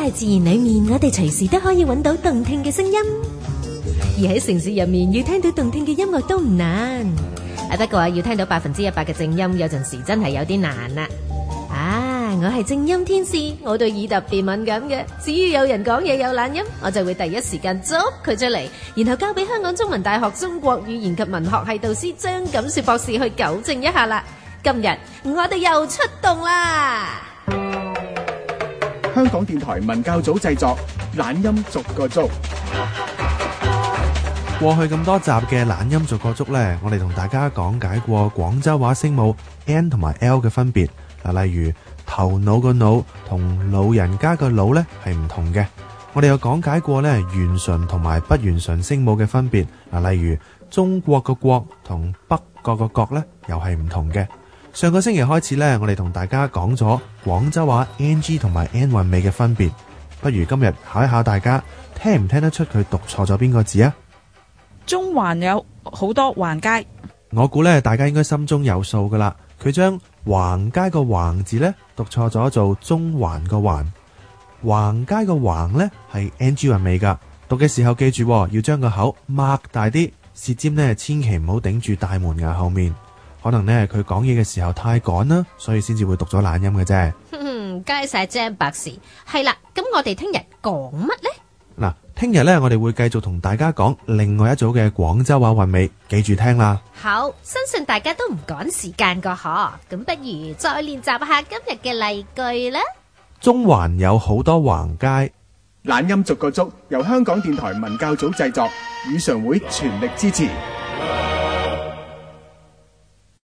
大自然裏面，我哋隨時都可以揾到動聽嘅聲音；而喺城市入面，要聽到動聽嘅音樂都唔難啊。不過要聽到百分之一百嘅正音，有陣時真係有啲難啦。啊，我係正音天使，我對耳特別敏感嘅。只要有人講嘢有懶音，我就會第一時間捉佢出嚟，然後交俾香港中文大學中國語言及文學系導師張錦雪博士去糾正一下啦。今日我哋又出動啦！香港電台文教組製作《懶音逐個捉》，過去咁多集嘅懶音逐個捉呢，我哋同大家講解過廣州話聲母 n 同埋 l 嘅分別。嗱，例如頭腦個腦同老人家個腦呢係唔同嘅。我哋又講解過呢，圓唇同埋不圓唇聲母嘅分別。嗱，例如中國個國同北國個國呢又係唔同嘅。上個星期開始呢，我哋同大家講咗廣州話 ng 同埋 n 韻尾嘅分別，不如今日考一下大家，聽唔聽得出佢讀錯咗邊個字啊？中環有好多橫街，我估呢大家應該心中有數噶啦。佢將橫街個橫字呢讀錯咗做中環個環，橫街個橫呢係 ng 韻尾噶，讀嘅時候記住要將個口擘大啲，舌尖呢千祈唔好頂住大門牙後面。可能咧，佢講嘢嘅時候太趕啦，所以先至會讀咗懶音嘅啫。唔該晒 James 博士，係啦，咁我哋聽日講乜呢？嗱，聽日咧，我哋會繼續同大家講另外一組嘅廣州話韻尾，記住聽啦。好，相信大家都唔趕時間㗎可，咁不如再練習下今日嘅例句啦。中環有好多橫街，懶音逐個捉，由香港電台文教組製作，語常會全力支持。